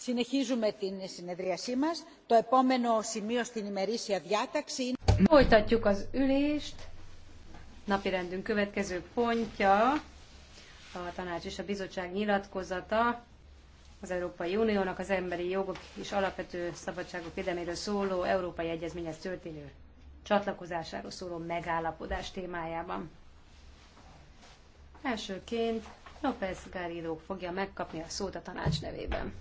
Συνεχίζουμε την Folytatjuk az ülést. Napirendünk következő pontja a tanács és a bizottság nyilatkozata az Európai Uniónak az emberi jogok és alapvető szabadságok védelméről szóló Európai Egyezményhez történő csatlakozásáról szóló megállapodás témájában. Elsőként López Garrido fogja megkapni a szót a tanács nevében.